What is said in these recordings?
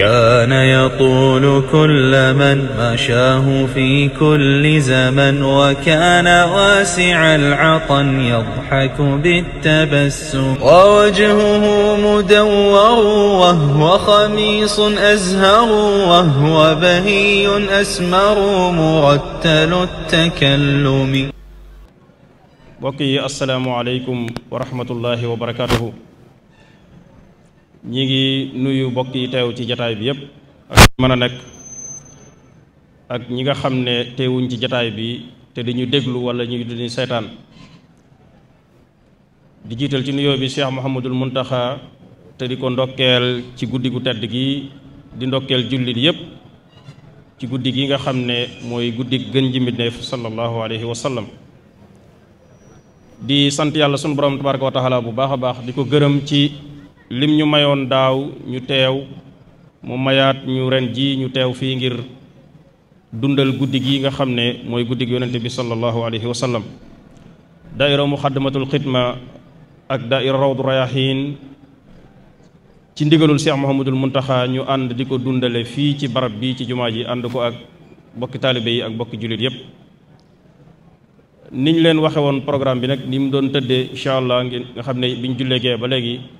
كان يطول كل من مشاه في كل زمن وكان واسع العطن يضحك بالتبسم ووجهه مدور وهو خميص أزهر وهو بهي أسمر مرتل التكلم mbokk yi asalaamaaleykum wa rahmatullahi wa barakaatuhu ñi ngi nuyu mbokk yi teew ci jataay bi yëpp ak mën a nekk ak ñi nga xam ne teewuñ ci jataay bi te dañu déglu wala ñu duñu seetaan di jiital ci nuyoo bi Cheikh Mouhamadul Muntaxa te di ko ndokkeel ci guddi gu tedd gi di ndokkeel jullit yépp ci guddi gi nga xam ne mooy guddi gën ji mbindéef sallallahu alayhi wa di sant yàlla sunu borom tabaraka wa bu baax a baax di ko gërëm ci lim ñu mayoon daaw ñu teew mu mayaat ñu ren ji ñu teew fii ngir dundal guddi gi nga xam ne mooy guddi gi bi sallallahu alayhi wa sallam daaira muxaddamatul xidma ak daaira rawdu rayahin ci ndigalul Cheikh Mouhamadul Muntaxa ñu ànd di ko dundale fii ci barab bi ci jumaa ji ànd ko ak bokki taalibe yi ak bokki jullit yépp niñ leen waxe woon bi nag ni mu doon tëddee incha allah nga xam ne biñ jullee gee ba léegi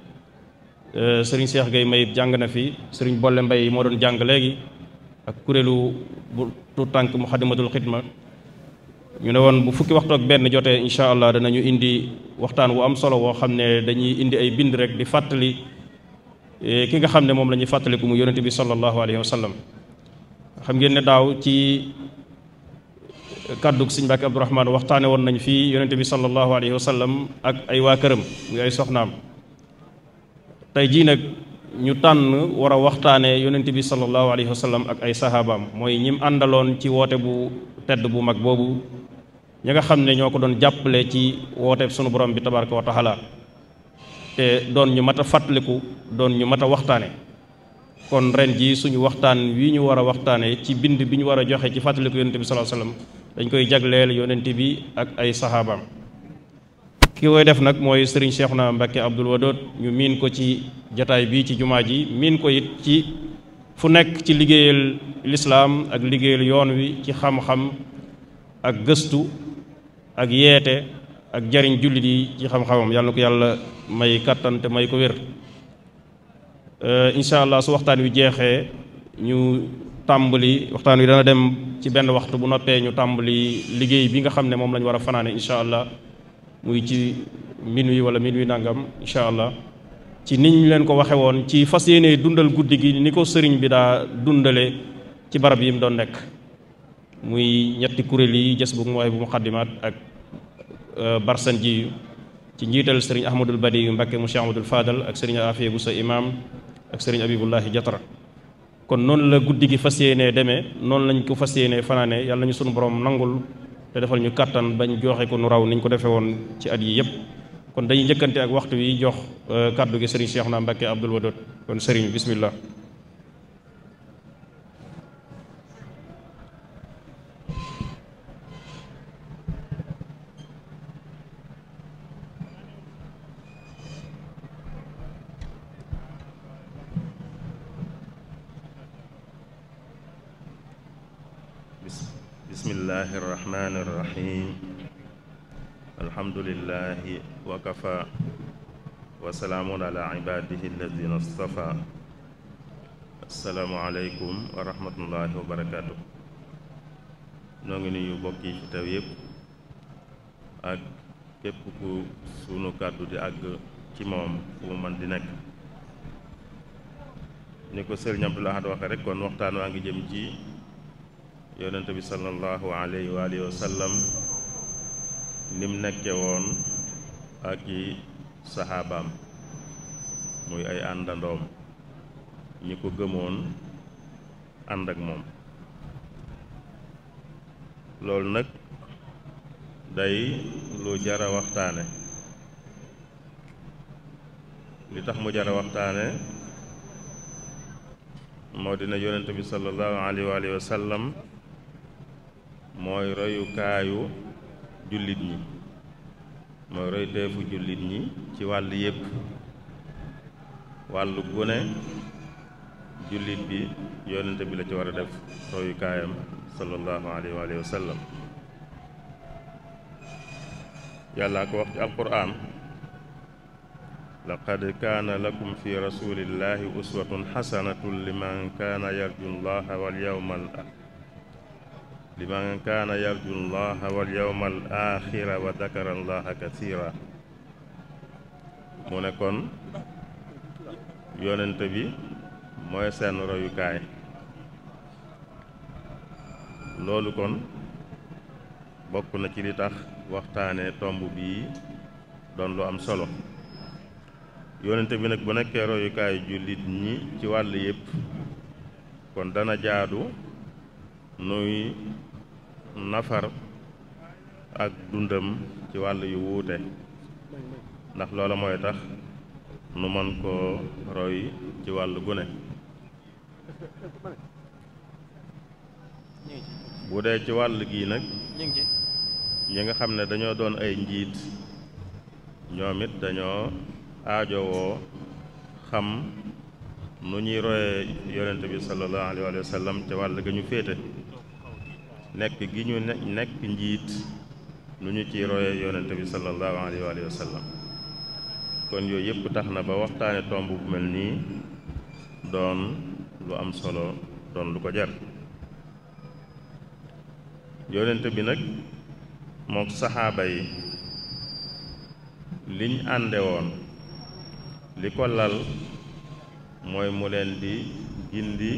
Euh, sëriñ Cheikh gay Mayit jàng na fi sëriñ Bolle Mbay moo doon jàng léegi ak kuréelu bu tu tànk Muxaddamatul Xidma ñu ne woon bu fukki waxtu ak benn jotee incha allah danañu indi waxtaan wu am solo woo xam ne dañuy indi ay bind rek di fàttali e, ki nga xam ne moom la ñuy fàttaliku mu yonente bi sallallahu alayhi wa xam ngeen daaw ci kàddug sëñ Mbàkke Abdourahmaan waxtaane woon nañ fii yonente bi sallallahu alayhi wa ak ay waa këram muy soxnaam tey jii nag ñu tànn war a waxtaanee yonent bi sallallahu alayhi wa ak ay sahabaam mooy ñim àndaloon ci woote bu tedd bu mag boobu ñi nga xam ne ñoo ko doon jàppale ci woote suñu borom bi tabaraka wa taala te doon ñu mat a fàttaliku doon ñu mat a waxtaane kon ren jii suñu waxtaan wi ñu war a waxtaanee ci bind bi ñu war a joxe ci fàttaliku yonent bi sallallahu alayhi dañ koy jagleel yonent bi ak ay sahabaam ki koy def nag mooy sëriñ na Mbacké Abdoul Wadoud ñu miin ko ci jataay bii ci jumaa ji miin ko yit ci fu nekk ci liggéeyal lislaam ak liggéeyal yoon wi ci xam-xam ak gëstu ak yeete ak jariñ jullit yi ci xam-xamam yàlla na ko yàlla may kàttan te may ko wér euh, incha allah su waxtaan wi jeexee ñu tàmbali waxtaan wi dana dem ci benn waxtu bu noppee ñu tàmbali liggéey bi nga xam ne moom la ñu war a fanaane incha allah muy ci minuit wala minuit nangam incha allah ci nit niñ leen ko waxe woon ci fas yéene dundal guddi gi ni ko sëriñ bi daa dundale ci barab yi mu doon nekk muy ñetti kuréel yi jës bu mooy bu muqaddimaat ak euh, barsan ji ci njiital sëriñ ahmadul badi yu mbakke mu cheikh ahmadul fadal ak sëriñ afiye bu sa imam ak sëriñ abibullahi jatara kon noonu la guddi gi fas yéene deme noonu lañ ko fas yéene fanaane yàlla nañu sunu borom nangul te defal ñu kàttan bañ joxe ko nu raw niñ ko defee woon ci at yi yëpp kon dañuy njëkkante ak waxtu wi jox euh, kàddu gi sëriñ Cheikhouna Mbacké Abdoul Wadoud kon sëriñ bismillah الله الرحمن الرحيم الحمد لله وكفى وسلام على عباده الذين اصطفى asalaamualeykum wa rahmatullahi wa barakaatu noo ngi nuyu mbokk yi ak képp ku sunu kàddu di àgg ci moom fu mu mën di nekk ni ko sëriñ Abdul Ahad waxe rek kon waxtaan waa ngi jëm ci yonent bi sallallahu alayhi wa alihi nim nekke woon ak i saxaabaam muy ay àndandoom ñi ko gëmoon ànd ak moom loolu nag day lu jara waxtaane li tax mu jara waxtaane moo dina yonent bi sallallahu alayhi wa alihi mooy royukaayu jullit ñi mooy royteefu jullit ñi ci wàll yépp wàll gune jullit bi yonente bi la ci war a def royukaayam sallallahu alayhi wa alihi wa sallam yàllaa ko wax ci alquran laqad kaana lakum fi rasulillahi uswatun xasanatun liman kaana yarju llaha walyawma al liman kaana yarju llaha wal yawmal axira wa dakara kasira mu ne kon yonent bi mooy seen royukaay loolu kon bokk na ci li tax waxtaane tomb bii doon lu am solo yonent bi nag bu nekkee royukaay jullit ñi ci wàll yépp kon dana jaadu nuy nafar ak dundam ci wàll yu wuute ndax loola mooy tax nu mën koo roy ci wàll gune bu dee ci wàll gii nag ñi nga xam ne dañoo doon ay njiit ñoom it dañoo aajowoo xam nu ñuy royee yonent bi sallallahu alayhi wa sallam ci wàll ga ñu féete nekk gi ñu nekk njiit lu ñu ci roye yonente bi sallallahu alayhi wa sallam kon yooyu yëpp tax na ba waxtaane tomb bu mel nii doon lu am solo doon lu ko jar yonente bi nag mook saxaaba yi liñ ànde woon li ko lal mooy mu leen di gindi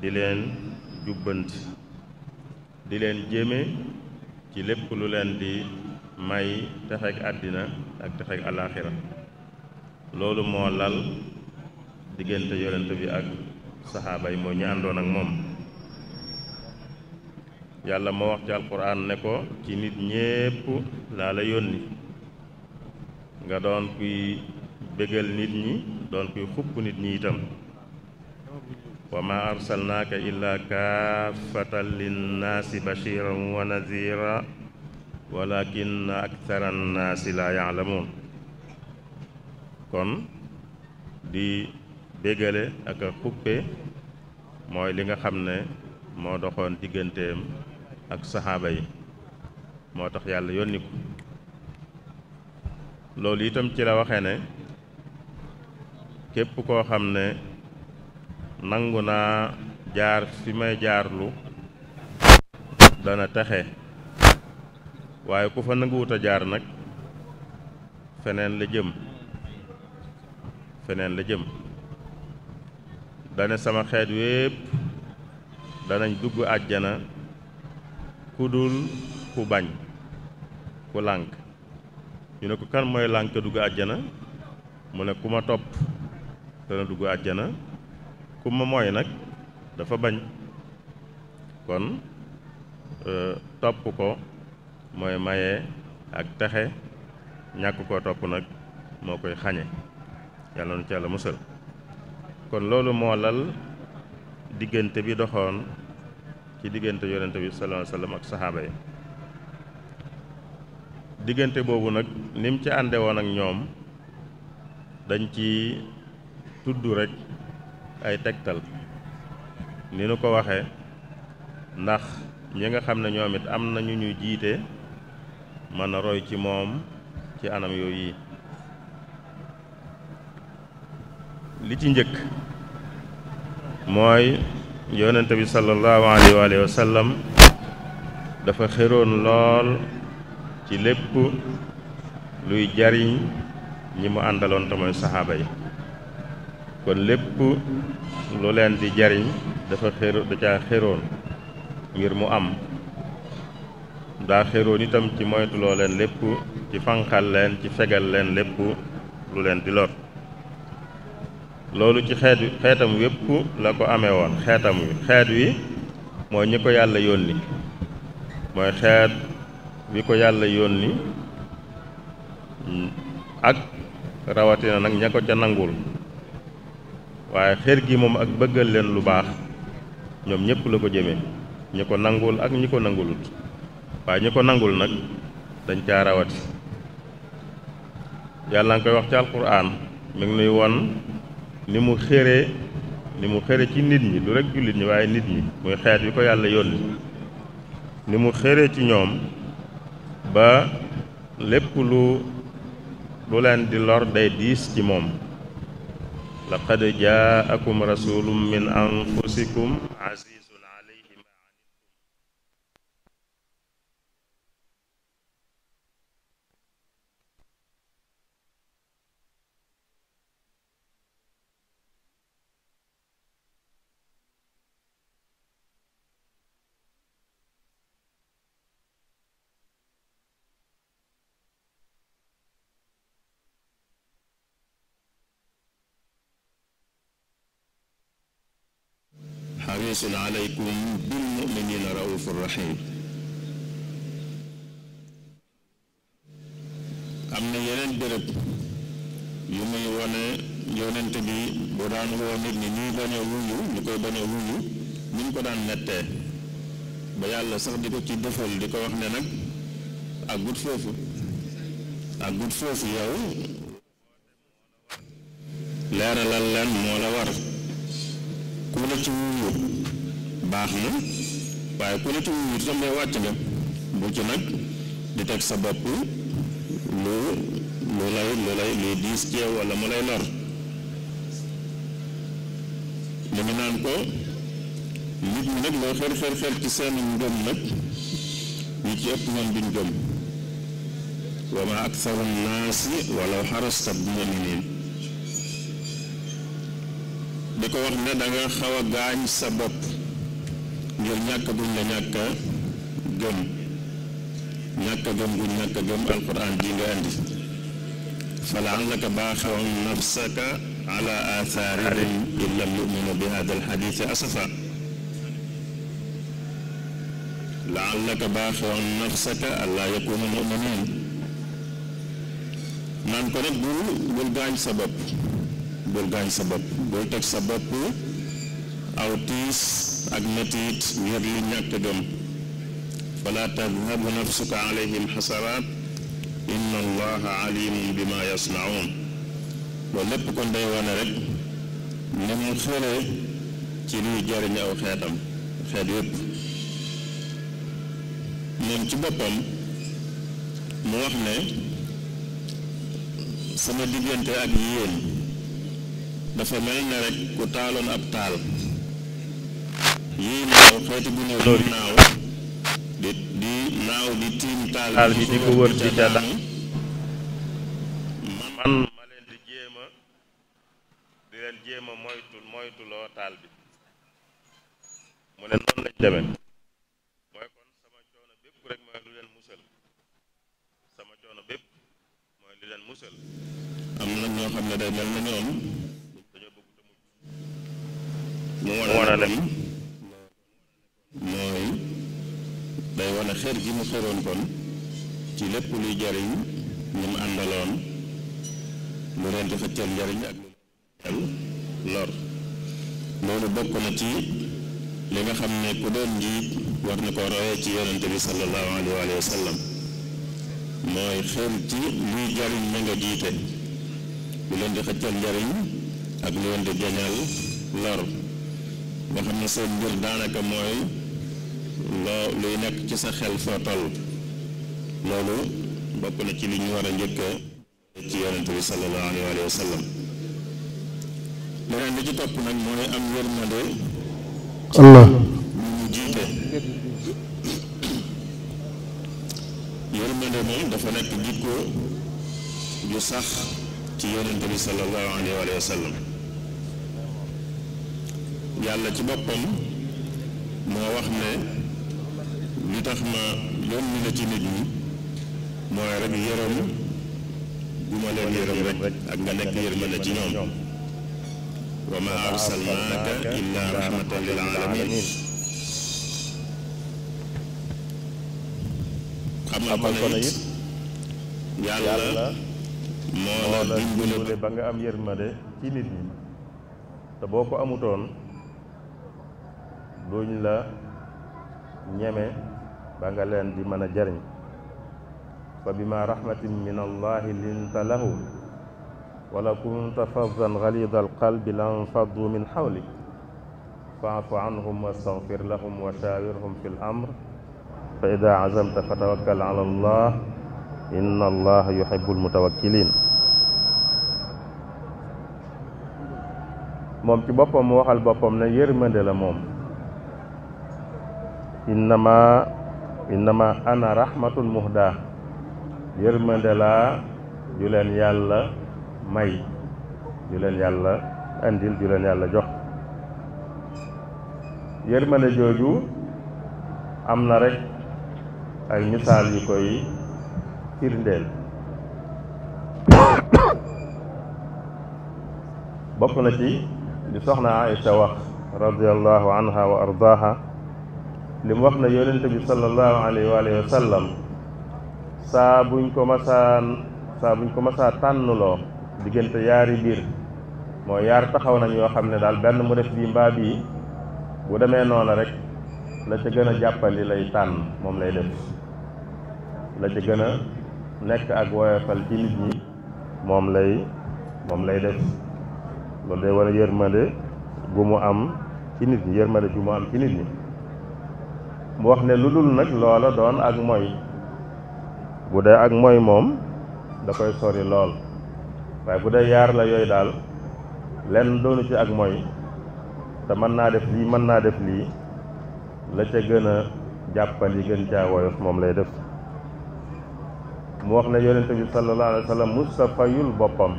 di leen jubbanti di leen jéeme ci lépp lu leen di may texeg àddina ak texeg alaaxira loolu moo lal diggante yonent bi ak saxaabay yi mooy àndoon ak moom yàlla moo wax ci alquran ne ko ci nit ñépp laa la yónni nga doon kuy bégal nit ñi doon kuy xupp nit ñi itam wa ma arsalnaaka illa kaafatan linnaasi bashiran wa nadira walakinna akthara annaasi laa yaalamuun kon di déggale ak xuppe mooy li nga xam ne moo doxoon digganteem ak saxaaba yi moo tax yàlla yónni ko loolu itam ci la waxee ne képp koo xam ne nangu naa jaar fi may jaarlu dana taxe waaye ku fa nanguwut a jaar nag feneen la jëm feneen la jëm dane sama xeet wépp danañ dugg àjjana ku dul ku bañ ku lànk ñu ne ko kan mooy lànk dugg àjjana mu ne ku ma topp dana dugg àjjana ku mooy nag dafa bañ kon euh, topp ko mooy maye ak texe ñàkk koo topp nag moo koy xañe yàlla nu ci musal kon loolu moo lal diggante bi doxoon ci diggante yonente bi sallallahu alayhi wasallam ak saxaaba yi diggante boobu nag nim mu ci ànde woon ak ñoom dañ ci tudd rek ay tegtal ni nu ko waxee ndax ñi nga xam ne ñoom it am nañu ñu jiite mën a roy ci moom ci anam yooyu yi li ci njëkk mooy yonente bi sallallahu alayhi wa sallam dafa xëroon lool ci lépp luy jariñ ñi mu àndaloon te mooy saxaaba yi kon lépp lu leen di jariñ dafa xéro da caa xéroon ngir mu am daa xéroon itam ci moytuloo leen lépp ci fanqal leen ci fegal leen lépp lu leen di lor loolu ci xeet xeetam wépp la ko amee woon xeetam wi xeet wi mooy ñi ko yàlla yónni mooy xeet wi ko yàlla yónni ak rawatina nag ña ko ca nangul waaye xër gi moom ak bëggal leen lu baax ñoom ñëpp la ko jëme ñi ko nangul ak ñi ko nangulut waaye ñi ko nangul nag dañ caa rawati yàlla koy wax ci alquran mi ngi nuy won ni mu xëree ni mu xëre ci nit ñi du rek jullit ñi waaye nit ñi muy xeet bi ko yàlla yónni ni mu xëre ci ñoom ba lépp lu lu leen di lor day diis ci moom laqad jaakum rasulun min anfusikum harisun aleykum bil muminina raufur rahim am na yeneen bërëb yu muy wone yonent bi bu daan woo nit ñi ñuy bañ a wuyu ñu koy bañ a wuyu ñu ko daan nettee ba yàlla sax di ko ci defal di ko wax ne nag ak gut foofu ak gut foofu yow leeralal leen moo la war ku la ci wuyu baax na waaye ku ne ci wuyu itam ne wàcc nga bu ci nag di teg sa bopp lu lu lay lu lay luy diis ci yow wala mu lay lor dama naan ko nit ñi nag loo xel xel ci seen ngëm nag ñu ci ëpp moom duñ gëm wa ma aktaru naasi walaw xarasta bi muminin di ko wax ne da nga xaw a gaañ sa bopp ngir ñàkk guñ la gëm ñàkk a gëm guñ ñàkk a nga andi fa laallaka baaxiun nafsaka ala athaarihim in lam yuminu bi hada naan ko nag bul gaañ sa bopp bul teg sa bopp aw tiis ak mettit ngir lu ñàkk gëm fala tadhabu nafsuka alayhim xasaraat inna allaha alimun bima yasnaun loolu lépp ko day wane rek ni mu ci luy jariñ aw xeetam xeet yépp moom ci boppam mu wax ne sama diggante ak yéen dafa mel ne rek ku taaloon ab taal ñuy naaw di tiim taal bi di ko wër di ca man ma leen di jéem a di leen jéem moytuloo taal bi mu ne noonu lañ demee mooy kon sama coono bépp rek mooy lu leen musal sama coono bépp mooy leen musal am na ñoo xam ne day mel na ñoom dañoo bëgg te mu mooy day wane xër gi mu xëroon kon ci lépp luy jariñ ñu mu àndaloon lu leen di xëccal njariñ ak lor na ci li nga xam ne ku doon njiit war na ci yonente bi sallallahu alayhi mooy xër ci luy jariñ na nga jiite lu leen di xëccal njariñ ak lu leen di jañal lor nga xam ne seen mbir daanaka mooy loo luy nekk ci sa xel foo toll loolu bokk na ci li ñu war a njëkk ci yonent bi sallallahu alayhi wa sallam leneen ci topp nag mooy am yërmande moom dafa nekk jikko ju sax ci yonent bi sallallahu alayhi yàlla ci boppam moo wax ne li tax ma yónni la ci nit ñi mooy rek yërëm gu ma leen yërëm rek ak nga nekk yërmande ci ñoom wa ma arsalnaaka illa rahmatan lil alamin xamal ko na it yàlla moo la dimbale ba nga am yërmande ci nit ñi te boo ko amutoon duñ la ñeme ba nga leen di mën a jariñ fa bima rahmatin min allahi linta lahum wala kunta faddan galida alqalbi lan faddu min xawlik faafu anhum wastaghfir lahum wa shaawirhum fi l amr fa ida azamta fa tawakkal ala allah inna allaha yuhibbul mutawakkilin moom ci boppam mu waxal boppam ne yërmande la moom innama innama ana rahmatul muhda yërmande laa ju leen yàlla may ju leen yàlla andil ju leen yàlla jox yërmande jooju am na rek ay misaal yu koy firndeel bokk na ci di soxna Aïcha wax radiyallahu anha wa ardaaha li mu wax na yonente bi sallallahu alayhi wa alihi wa sallam saa buñ ko masaa saa buñ ko masaa tànnloo diggante yaari biir moo yaar taxaw nañ yoo xam ne daal benn mu def bii mbaa bii bu demee noona rek la ca gën a jàppandi lay tànn moom lay def la ca gën a nekk ak woyofal ci nit ñi moom lay moom lay def loolu day war a yërmande gu mu am ci nit ñi yërmande ju mu am ci nit ñi mu wax ne lu dul nag loola doon ak moy bu dee ak moy moom da koy sori lool waaye bu dee yaar la yooyu daal lenn doonu ci ak moy te mën naa def lii mën naa def lii la ca gën jàppal yi gën caa woyof moom lay def mu wax ne yonent bi sallallahu alayhi wa sallam mustafayul boppam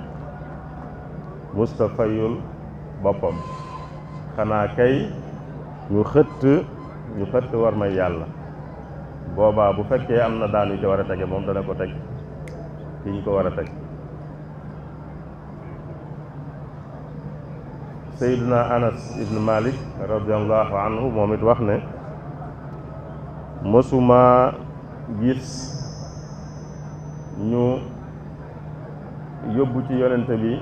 mustafayul boppam xanaa kay ñu xëtt ñu xëtt war may yàlla boobaa bu fekkee am na daan yu ci war a tege moom dana ko teg ci ñu ko war a teg Sayyiduna Anas ibn Malik radiyallahu anhu moom it wax ne mësuma gis ñu yóbbu ci yonente bi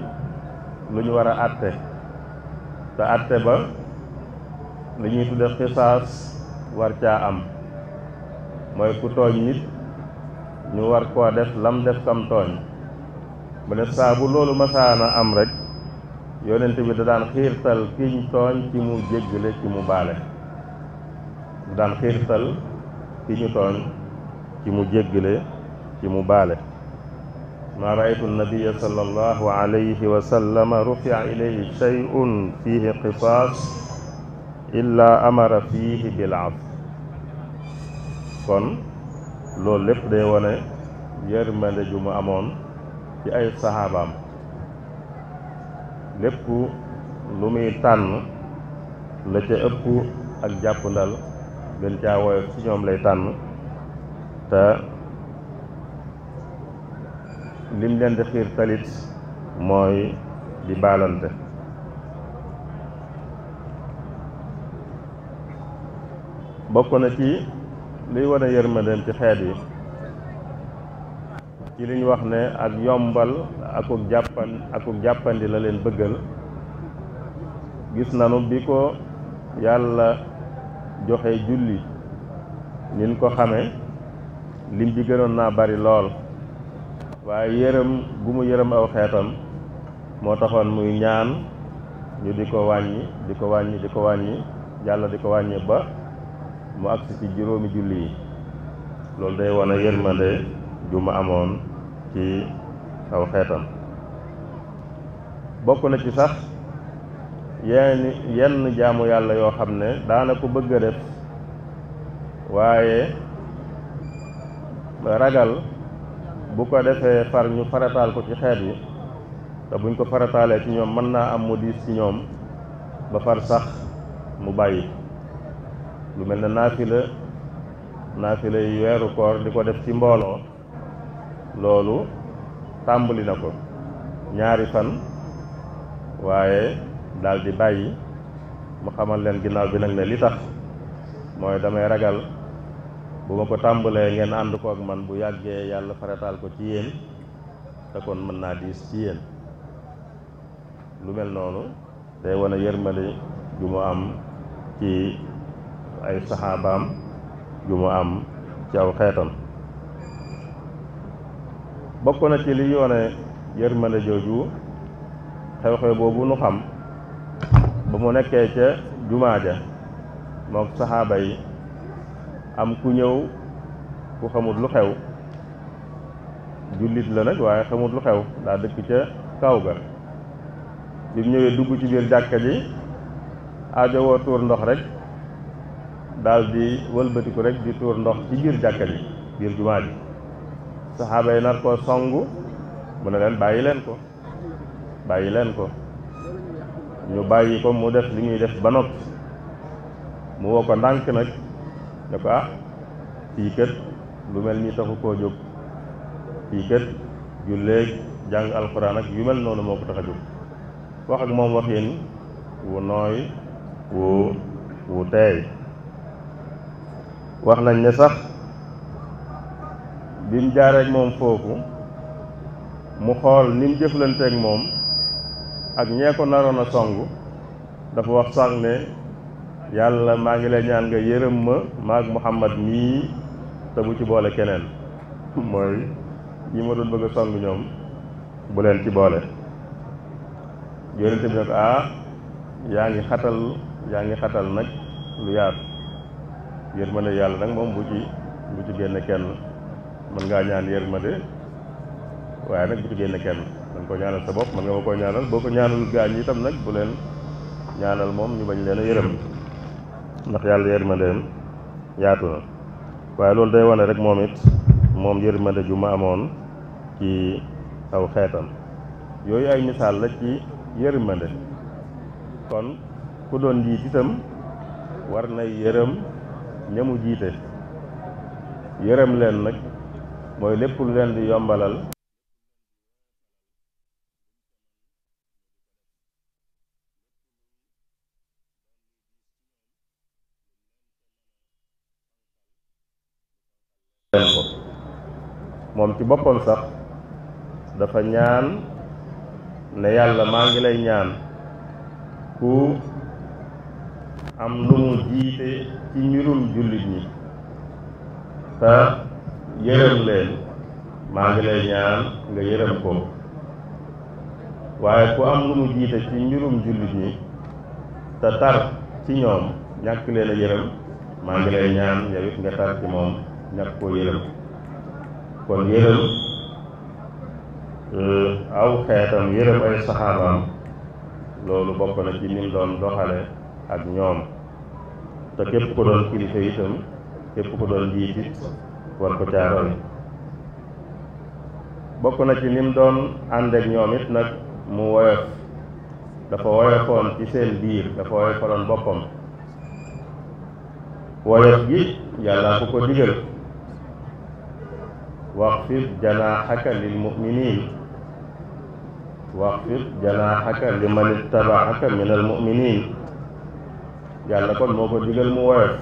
lu ñu war a àtte te àtte ba li ñuy tudde xisaas war caa am moy ku tooñ nit ñu war koo def lam def kam tooñ mu ne saa bu loolu masaana am rek yonent bi da daan xiirtal kiñ tooñ ci mu jéggale ci mu baale da daan xiirtal ki tooñ ci mu jéggale ci mu baale maa raaytu nabiya sallallahu alayhi wa sallama rufi'a ilayhi shay'un fihi illaa amara fiihi bil kon loolu lépp day wane yërmande ju mu amoon ci ay saxaabaam lépp lu muy tànn la ca ëpp ak jàpp ndal gën caa woyof ci ñoom lay tànn te lim leen di xiir talit mooy di baalante bokk na ci luy wane yërmandeem ci xeet yi ci liñ wax ne ak yombal akuk jàppan akuk jàppandi la leen bëggal gis nanu bi ko yàlla joxe julli nin ko xame lim bi gënoon naa bari lool waaye yërëm gu mu yërëm aw xeetam moo taxoon muy ñaan ñu di ko wàññi di ko wàññi di ko wàññi yàlla di ko wàññi ba mu agsi ci juróomi julli yi loolu day wane yërmande ju ma amoon ci aw xeetam bokk na ci sax yenn yenn jaamu yàlla yoo xam ne daana ko bëgg a def waaye ragal bu ko defee far ñu farataal ko ci xeet yi te buñ ko farataalee ci ñoom mën naa am mu diis ci ñoom ba far sax mu bàyyi lu mel ne naafila naafila yi weeru koor di ko def ci mbooloo loolu tàmbali na ko ñaari fan waaye daal di bàyyi mu xamal leen ginnaaw bi nag ne li tax mooy damay ragal bu ma ko tàmbalee ngeen ànd ko ak man bu yàggee yàlla farataal ko ci yéen te kon mën naa diis ci yéen lu mel noonu day wane yërmande ju am ci ay saxaabaam yu mu am ci aw xeetam bokk na ci li yoone yërmande jooju xew-xew boobu nu xam ba mu nekkee ca jumaa ja mook saxaaba yi am ku ñëw ku xamut lu xew jullit la nag waaye xamut lu xew daa dëkk ca kaw ga bi ñëwee dugg ci biir jàkka ji aajowoo tuur ndox rek daal di wëlbatiku rek di tuur ndox ci biir jàkka ji biir jumaa ji saxaaba nar koo songu mu ne leen bàyyi leen ko bàyyi leen ko ñu bàyyi ko mu def li muy def ba noppi mu woo ko ndànk nag ne ko ah fii lu mel nii taxu koo jóg fii kët julleeg jàng alxuraan ak yu mel noonu moo ko tax a jóg wax ak moom waxin wu nooy wu wu teey wax nañ ne sax bi mu jaareek moom foofu mu xool ni mu jëflanteek moom ak ñee ko naroon a song dafa wax sax ne yàlla maa ngi lay ñaan nga yërëm ma maag Muhammad mii te bu ci boole keneen mooy yi ma doon bëgg a song ñoom bu leen ci boole yonente bi ne ko ah yaa ngi xatal yaa ngi xatal nag lu yaatu yërmande yàlla nag moom bu ci bu ci génne kenn mën ngaa ñaan yërmande waaye nag bu ci génne kenn mën ko ñaanal sa bopp mën nga ma koy ñaanal boo ko ñaanal gaañ yi itam nag bu leen ñaanal moom ñu bañ leen a yërëm ndax yàlla yërmandeem yaatu na waaye loolu day wane rek moom it moom yërmande ju ma amoon ci aw xeetam yooyu ay misaal la ci yërmande kon ku doon njiit itam war nay yërëm ñamu jiite yërëm leen nag mooy lépp lu leen di yombalal leen ko moom ci boppam sax dafa ñaan ne yàlla maa ngi lay ñaan ku am lu mu jiite ci mbirum jullit ñi te yërëm leen maa ngi lay ñaan nga yërëm ko waaye ku am lu mu jiite ci mbirum jullit ñi te tar ci ñoom ñàkk leen a yërëm maa ngi lay ñaan yow it nga tar ci moom ñàkk koo yërëm kon yërëm euh, aw xeetam yërëm ay saxaabaam loolu bokk na ci nim doon doxale ak ñoom te képp ko doon kilifa itam képp ko doon jiit war ko caaroon bokk na ci nim doon ànd ak ñoom nag mu woyof dafa woyofoon ci seen biir dafa woyofaloon boppam woyof gi yàlla ko ko digal waxfid janaaxaka lil muminin waxfid janaaxaka liman ittabaxaka min al muminin yàlla kon moo ko digal mu woyof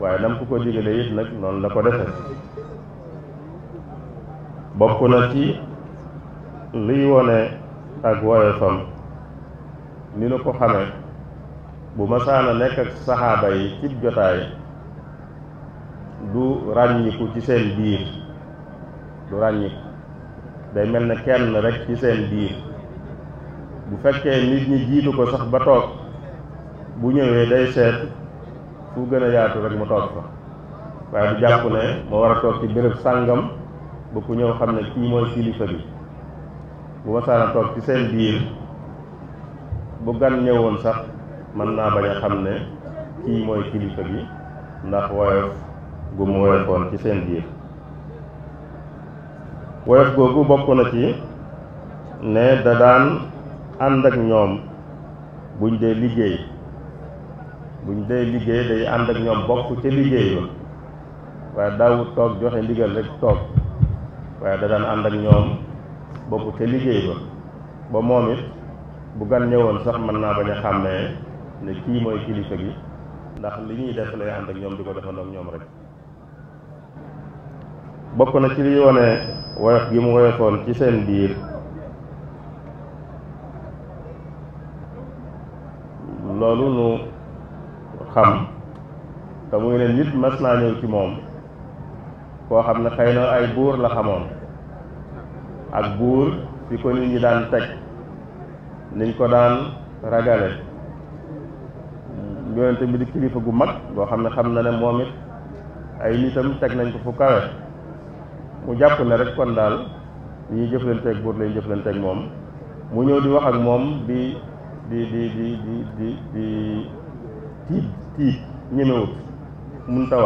waaye nam ku ko digalee it nag noonu la ko defe bokk na ci liy wone ak woyofam ni nu ko xamee bu masaana nekk ak saxaaba yi cib jotaay du ràññiku ci seen biir du ràññiku day mel ne kenn rek ci seen biir bu fekkee nit ñi jiitu ko sax ba toog bu ñëwee day seet fu gën a yaatu rek mu toog fa waaye du jàpp ne moo war a toog ci béréb sàngam ba ku ñëw xam ne kii mooy kilifa bi bu ci seen biir bu gan sax mën naa bañ xam ne kii mooy kilifa bi ndax woyof gu mu woyofoon ci seen biir woyof googu bokk na ci ne da daan ànd ak ñoom buñ dee liggéey buñ dee liggéey day ànd ak ñoom bokk ca liggéey ba waaye daawut toog joxe ndigal rek toog waaye da daan ànd ak ñoom bokk ca liggéey ba ba moom it bu gan ñëwoon sax mën naa bañ a xàmmee ne kii mooy kilifa gi ndax li ñuy def lay ànd ak ñoom di ko defandoo ñoom rek bokk na ci liy wone woyof gi mu woyofoon ci seen biir loolu nu xam te muy ne nit mas naa ñëw ci moom koo xam ne xëy na ay buur la xamoon ak buur fi ko nit daan teg niñ ko daan ragale yonente bi kilifa gu mag boo xam ne xam na ne moom it ay nitam teg nañ ko fu kawe mu jàpp ne rek kon daal li ñuy jëflanteeg buur lañu jëflanteeg moom mu ñëw di wax ak moom di di di di di di di tiit tiit ñemewut mun ta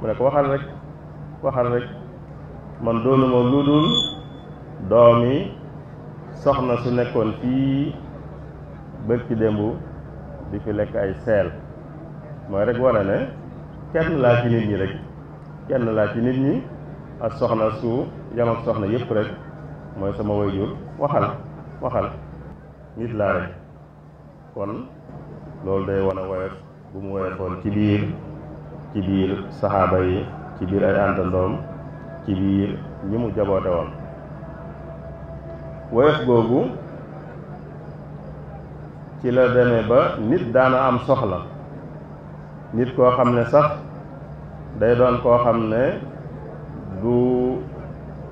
mu ne ko waxal rek waxal rek man doonuma lu dul doomi soxna su nekkoon fii ci démb bi fi lekk ay seel mooy rek wane ne kenn laa ci nit ñi rek kenn laa ci nit ñi ak soxna su yam soxna yépp rek mooy sama wayjur waxal waxal nit laa rek kon loolu day wane woyof bu mu woyofoon ci biir ci biir saxaaba yi ci biir ay àndandoom ci biir ñi mu jaboote woon woyof googu ci la demee ba nit daana am soxla nit koo xam ne sax day doon koo xam ne du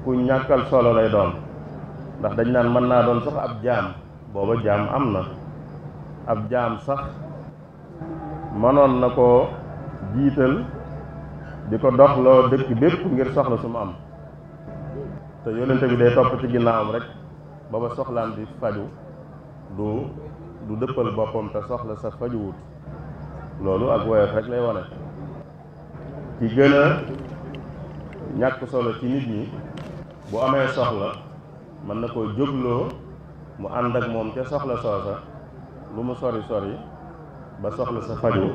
ku ñàkkal solo lay doon ndax dañ daan mën naa doon sax ab jaam booba jaam am na ab jaam sax manoon na koo jiital di ko doxloo dëkk bépp ngir soxla su mu am te yonente bi day topp ci ginnaawam rek ba ba soxlaan di faju du du dëppal boppam te soxla sa fajuwut loolu ak woyof rek lay wane ki gën ñàkk solo ci nit ñi bu amee soxla mën na koo jógloo mu ànd ak moom ca soxla soosa lu mu sori sori ba soxla sa faju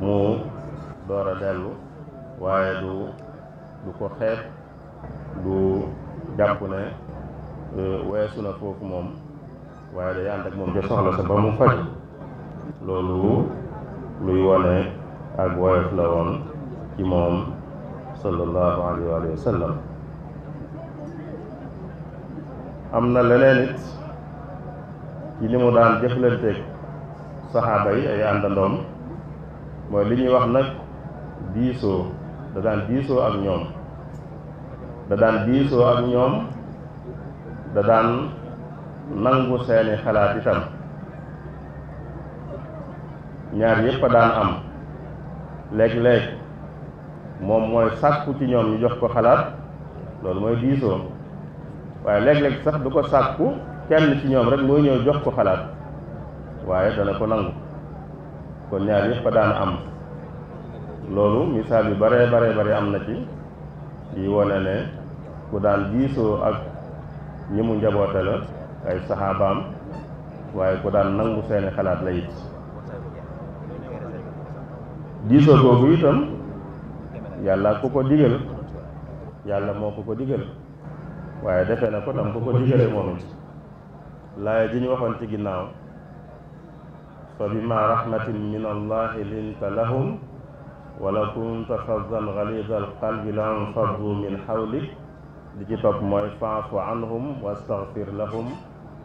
mu door a dellu waaye du du ko xeet du jàpp ne euh, weesu na foofu moom waaye day ànd ak moom ca soxla sa ba mu faju loolu luy wone ak woyof la woon ci moom sallallahu alayhi wa sallam am na leneen it ci li mu daan jëflanteeg saxaaba yi ay àndandoom mooy li ñuy wax nag diisoo da daan diisoo ak ñoom da daan diisoo ak ñoom da daan nangu seeni xalaat itam ñaar yépp a daan am léeg-léeg moom mooy sàkku ci ñoom ñu jox ko xalaat loolu mooy diisoo waaye léeg-léeg sax du ko sàkku kenn ci ñoom rek mooy ñëw jox ko xalaat waaye dana ko nangu kon ñaar yëpp a daan am loolu misaal yu bare bare bare am na ci yi wone ne ku daan diisoo ak ñi njaboote la ay saxaabaam waaye ku daan nangu seeni xalaat la it diisoo googu itam yàlla ku ko digal yàlla moo ko ko digal waaye defe na ko tam ku ko digale moom it laaya ji ñu waxoon ci ginnaaw fa bimaa rahmatin min allahi linta lahum wala kunta faddan galida alqalbi lan faddu min xawlik li ci topp mooy faafu anhum wastaghfir lahum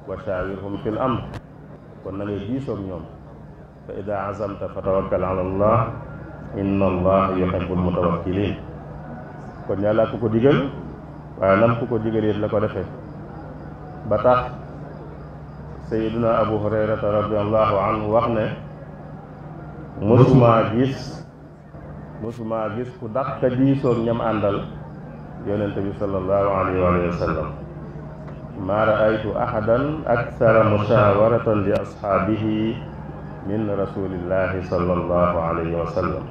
wa shaawirhum fi l amr kon na ngay diisoog ñoom fa ida azamta fa tawakkal ala allah inna allah yuhibbul mutawakkilin kon yàlla ku ko digal waaye nam ku ko digal it la ko defee ba tax sayiduna abu hurayrata radiallahu anhu wax ne mësumaa gis mësumaa gis ku dàq diisoog ñam àndal yonent bi sallallahu alayhi wa sallam maa raaytu ahadan akthara mushawaratan li ashaabihi min rasulillahi sallallahu alayhi wa sallam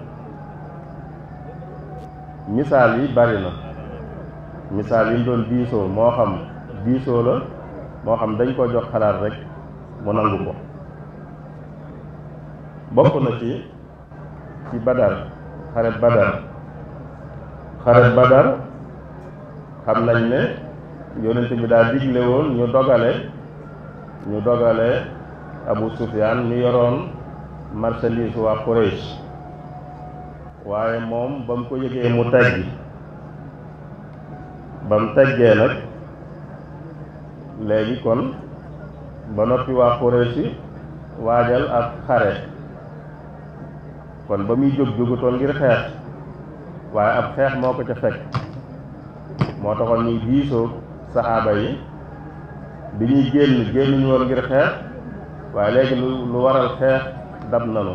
misaal yi bari na misaal yi mu doon diisoo moo xam diisoo la moo xam dañ ko jox xalaat rek mu nangu ko bokk na ci ci badar xare badar xare badar xam nañ ne yonent bi daa digle woon ñu dogale ñu dogale Abu Sufyaan ñu yoroon marchandise waa Quraysh waaye moom ba mu ko yëgee mu teggi ba mu teggee nag léegi kon ba noppi waa Quraysh waajal ab xare kon ba muy jóg jógutoon ngir xeex waaye ab xeex moo ko ca fekk moo taxoon ñuy diisoo saxaaba yi bi ñuy génn ñu woon ngir xeex waaye léegi lu lu waral xeex dab nanu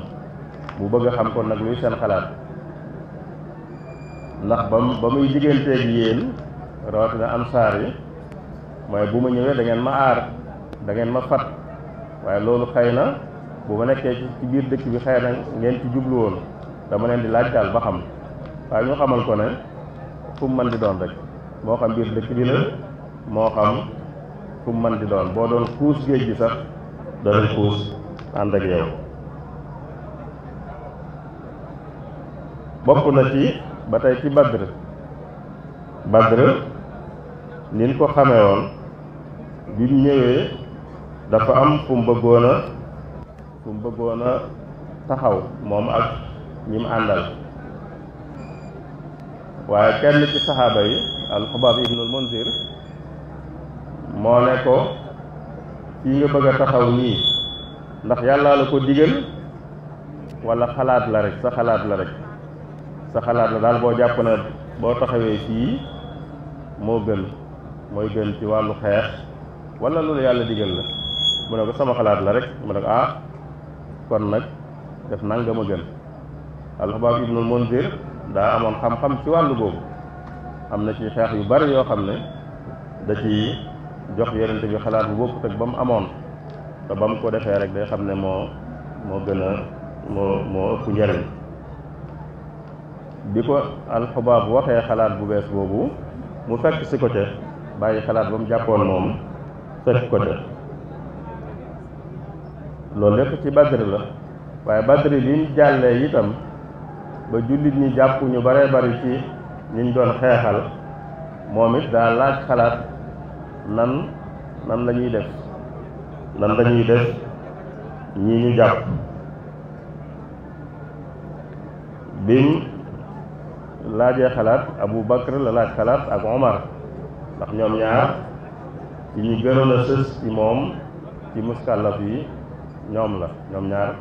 mu bëgg xam ko nag luy seen xalaat ndax ba ba muy digganteeg yéen rawatina ansaar yi mooy bu ma ñëwee da ngeen ma aar da ngeen ma fat waaye loolu xëy na bu ma nekkee ci biir dëkk bi xëy na ngeen ci jublu woon dama leen di laaj daal ba xam waaye ñu xamal ko ne fu mu mën di doon rek moo xam biir dëkk bi la moo xam fu mu mën di doon boo doon xuus géej gi sax danañ xuus ànd ak yow bokk na ci ba tey ci Badr Badr nin ko xamee woon bi mu ñëwee dafa am fu mu bëggoon fu mu bëggoon taxaw moom ak ñi àndal waaye kenn ci saxaaba yi alxubaab ibnul munzir moo ne ko fii nga bëgg taxaw nii ndax yàllaa la ko digal wala xalaat la rek sa xalaat la rek sa xalaat la daal boo jàpp na boo taxawee fii moo gën mooy gën ci wàllu xeex wala loolu yàlla digal la mu ne ko sama xalaat la rek mu ne ko ah kon nag def nangam a gën alxabaab ibnul munzir daa amoon xam-xam ci wàllu boobu am na ci xeex yu bari yoo xam ne da ci jox yonente bi xalaat bu bokkut ak ba mu amoon te ba mu ko defee rek day xam ne moo moo gën a moo moo ëpp njëriñ bi ko alxabaab waxee xalaat bu bees boobu mu fekk si ko ca bàyyi xalaat ba mu jàppoon moom fekk ko loolu lépp ci badri la waaye badri bi mu jàllee itam ba jullit ñi jàpp ñu baree bari ci ñiñ doon xeexal moom it daa laaj xalaat nan nan la ñuy def nan lañuy def ñii ñu jàpp bim laajee xalaat Abu Bakr la laaj xalaat ak Omar ndax ñoom ñaar ci ñu gënoon a sës ci moom ci muskàllaf yi ñoom la ñoom ñaar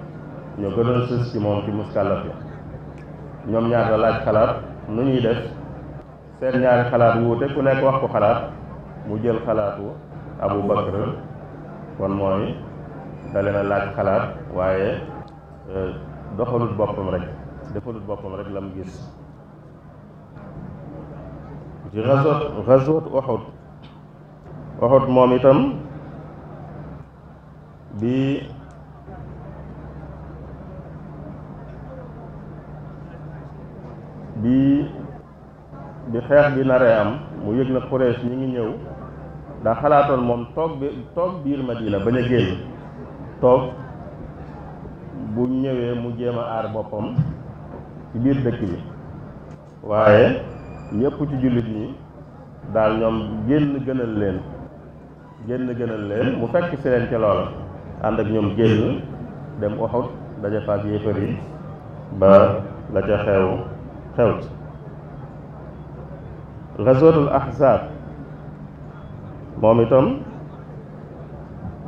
ñoo gënoon sës ci moom ci muskàllaf ñoom ñaar la laaj xalaat nu ñuy def seen ñaari xalaat yu wuute ku nekk wax ko xalaat mu jël xalaatu Abu Bakr kon mooy da leen laaj xalaat waaye euh, doxalut boppam rek defalut boppam rek la mu gis ci xasot xasot Uhud Uhud moom itam bi bi bi xeex bi naree am mu yëg na Quraysh ñi ngi ñëw da xalaatoon moom toog bi toog biir Madina bañ a génn toog bu ñëwee mu jéem a aar boppam ci biir dëkk bi waaye ñëpp ci jullit ñi daal ñoom génn gënal leen génn gënal leen mu fekk si leen ci loola ànd ak ñoom génn dem Uhud daje fa ak yéefar ba la ca xew xew ci ghazwatul ahzab moom itam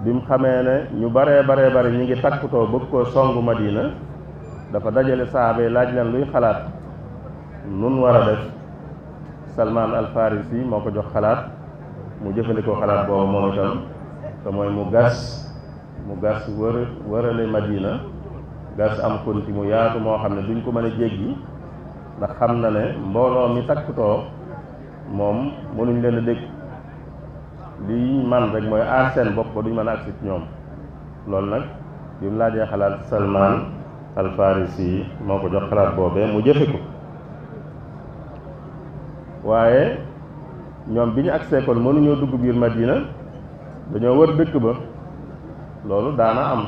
bi mu xamee ne ñu baree bare bare ñu ngi takkutoo bëgg koo songu madina dafa dajale saaba laaj leen luy xalaat nun war a def salman al farisi moo ko jox xalaat mu jëfandikoo xalaat boobu moom itam te mooy mu gas mu gas wër wërale madina gas am ci mu yaatu moo xam ne duñ ko mën a jéggi ndax xam na ne mbooloo mi takkutoo moom mënuñ leen a dégg liñ man rek mooy aar seen bopp ba duñ mën a agsi ñoom loolu nag bi mu laajee xalaat salmaan al Farisi moo ko jox xalaat boobee mu jëfe ko waaye ñoom bi ñu agsee kon mënuñoo dugg biir Madina dañoo wër dëkk ba loolu daana am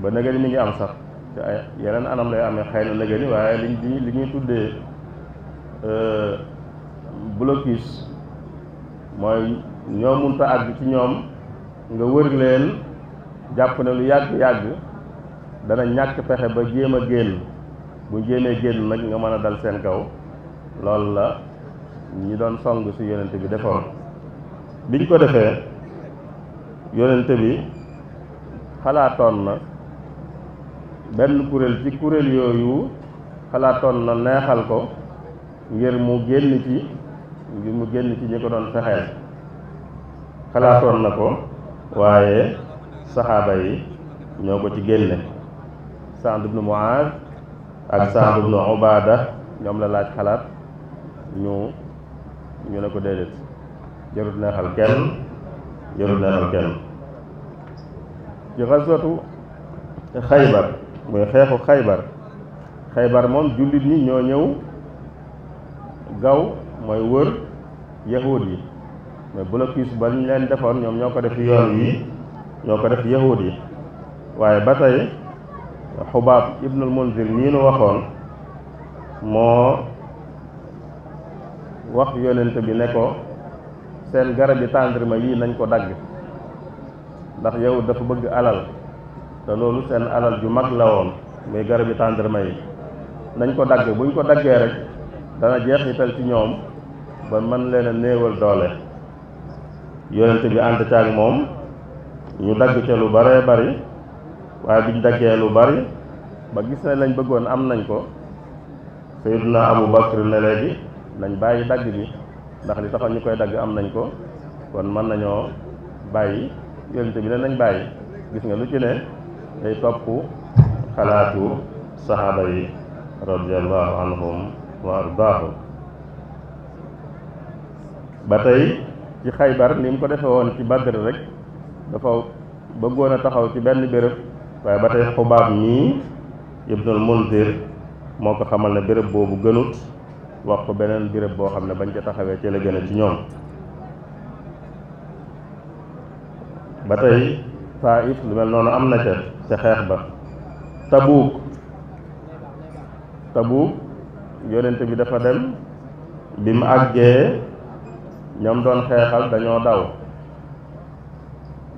ba nagari mu ngi am sax ay yeneen anam lay amee xëy na léegi ni waaye liñ li ñuy tuddee euh, blocus mooy ñoo munta àgg ci ñoom nga wër leen jàpp ne lu yàgg-yàgg dana ñàkk pexe ba jéem a génn bu jéemee génn nag nga mën a dal seen kaw loolu la ñi doon song si yonent bi defoon biñ ko defee yonent bi xalaatoon na benn kuréel ci kuréel yooyu xalaatoon na neexal ko ngir mu génn ci ngir mu génn ci ñi ko doon fexeel xalaatoon na ko waaye saxaaba yi ñoo ko ci génne Saad ibnu Muaaz ak Saad ibnu Ubaada ñoom la laaj xalaat ñu ñu ne ko déedéet jarut neexal kenn jarut neexal kenn ci xaswatu Xaybar mooy xeexu xaybar xaybar moom jullit ñi ñoo ñëw gaw mooy wër yahud yi mais blocus ba ñu leen defoon ñoom ñoo ko def yoon yi ñoo ko def yahud yi waaye ba tey xubaab ibnul munzir nii nu waxoon moo wax yonent bi ne ko seen garab yi tàndarma yii nañ ko dagg ndax yahud dafa bëgg alal te loolu seen alal ju mag la woon muy garab garabi tàndarma yi nañ ko dagg buñ ko daggee rek dana jeexital ci ñoom ba mën leen néewal doole yonent bi ànd ca moom ñu dagg ca lu baree bari waaye biñ daggee lu bari ba gis ne lañ bëggoon am nañ ko Sayyiduna Abu Bakr ne léegi nañ bàyyi dagg bi ndax li taxoon ñu koy dagg am nañ ko kon mën nañoo bàyyi yonent bi ne nañ bàyyi gis nga lu ci ne day topp xalaatu saxaaba yi radiallahu anhum wa ardaahum ba tey ci xaybar ni ko defe woon ci badr rek dafa bëggoon a taxaw ci benn béréb waaye ba tey xubaab nii ibnul munzir moo ko xamal ne béréb boobu gënut wax ko beneen béréb boo xam ne bañ ca taxawee ci la gën a ci ñoom ba tey taif lu mel noonu am na ca ca xeex ba tabuuk tabuuk yonent bi dafa dem bi mu àggee ñoom doon xeexal dañoo daw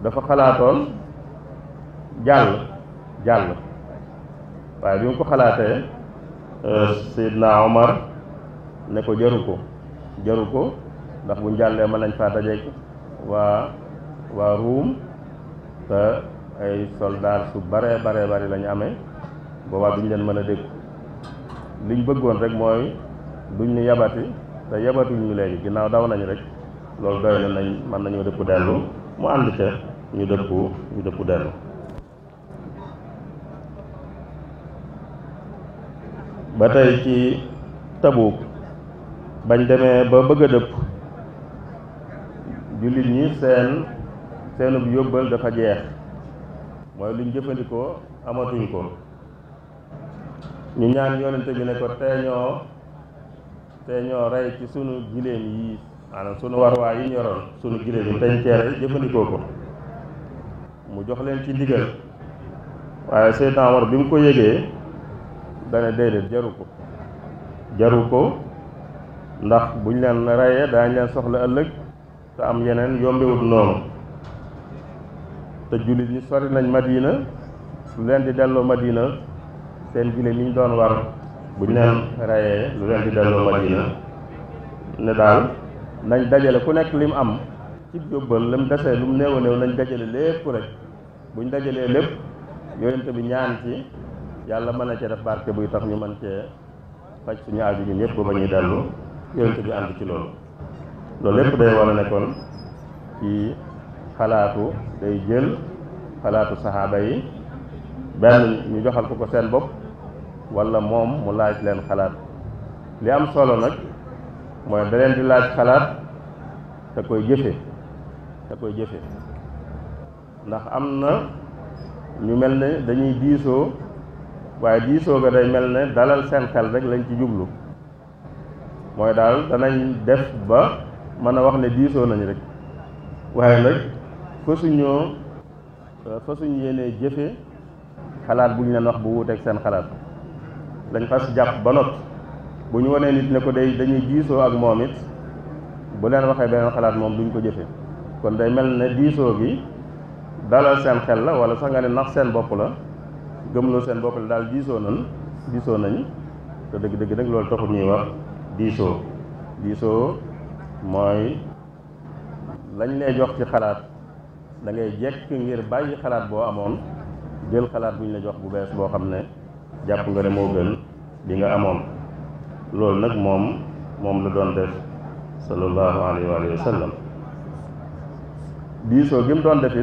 dafa xalaatoon jàll jàll waaye bi mu ko xalaatee euh, Seydina Omar ne ko jaru ko jaru ko ndax bu njàllee mën nañ faa dajeek waa waa ruum te ay soldaar su baree bare bari lañu ñu amee boobaa duñ leen mën a dégg liñ bëggoon rek mooy duñ ñu yabati te yabatuñ ñu léegi ginnaaw daw nañ rek loolu doy na nañ mën nañoo dëpp dellu mu ànd ca ñu dëpp ñu dëpp dellu ba tey ci tabuuk bañ demee ba bëgg a dëpp jullit ñi seen seenub yóbbal dafa jeex mooy luñ jëfandikoo amatuñ ko ñu ñaan yonente bi ne ko teeñoo teeñoo rey ci sunu giléem yi maanaam sunu warwaay yi ñoroon sunu giléem yi teñ cee rey jëfandikoo ko mu jox leen ci ndigal waaye Seydina Omar bi mu ko yëgee dana déedéet jaru ko jaru ko ndax buñ leen reyee daañ leen soxla ëllëg te am yeneen yombewut noonu te jullit ñi sori nañ Madina lu leen di delloo Madina seen gileem yi ñu doon war buñ leen rayee lu leen di delloo Madina ne daal nañ dajale ku nekk lim am ci yóbbal lim desee lu mu néew a néew nañ dajale lépp rek buñ dajalee lépp yonent bi ñaan ci yàlla mën na cee def barke buy tax ñu mën cee faj suñu aju ñun ñëpp ba ñuy dellu yonent bi ànd ci loolu loolu lépp day war a nekkoon ci xalaatu day jël xalaatu saxaaba yi benn ñu joxal ko ko seen bopp wala moom mu laaj leen xalaat li am solo nag mooy da leen di laaj xalaat te koy jëfe te koy jëfe ndax am na ñu mel ne dañuy diisoo waaye diisoo ga day mel ne dalal seen xel rek lañ ci jublu mooy daal danañ def ba mën a wax ne diisoo nañu rek waaye nag fasuñoo fasuñ yéenee jëfe xalaat bu ñu leen wax bu wuuteeg seen xalaat lañ fas jàpp ba noppi bu ñu wanee nit ne ko day dañuy diisoo ak moom it bu leen waxee beneen xalaat moom duñ ko jëfe kon day mel ne diisoo gi dalal seen xel la wala sax nga nax seen bopp la gëm loo seen bopp la daal diisoo nan diisoo nañu te dëgg-dëgg nag loolu taxul ñuy wax diisoo diisoo mooy lañ lay jox ci xalaat da ngay jekk ngir bàyyi xalaat boo amoon jël xalaat bu ñu la jox bu bees boo xam ne jàpp nga ne moo gën bi nga amoon loolu nag moom moom la doon def sallallahu alayhi wa sallam diisoo gi mu doon def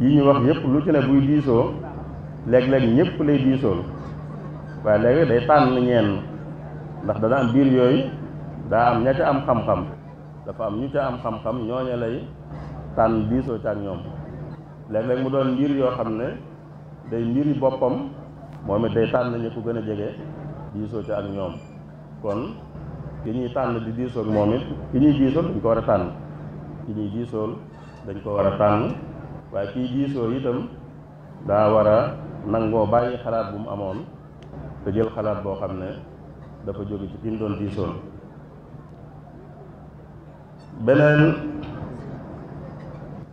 yi ñu wax yëpp lu ci ne buy diisoo léeg-léeg ñëpp lay diisool waaye léegi day tànn ñeen ndax dana am biir yooyu daa am ña ca am xam-xam dafa am ñu ca am xam-xam ñooña lay tànn diisoo ca ak ñoom léeg-léeg mu doon mbir yoo xam ne day mbiri boppam moom it day tànn ñi ko gën a jege diisoo ca ak ñoom kon ki ñuy tànn di diisoog moom it ki ñuy diisool dañ ko war a tànn ki ñuy diisool dañ ko war a tànn waaye kiy diisoo itam daa war a nangoo bàyyi xalaat bu mu amoon te jël xalaat boo xam ne dafa jóge ci ki mu doon diisool beneen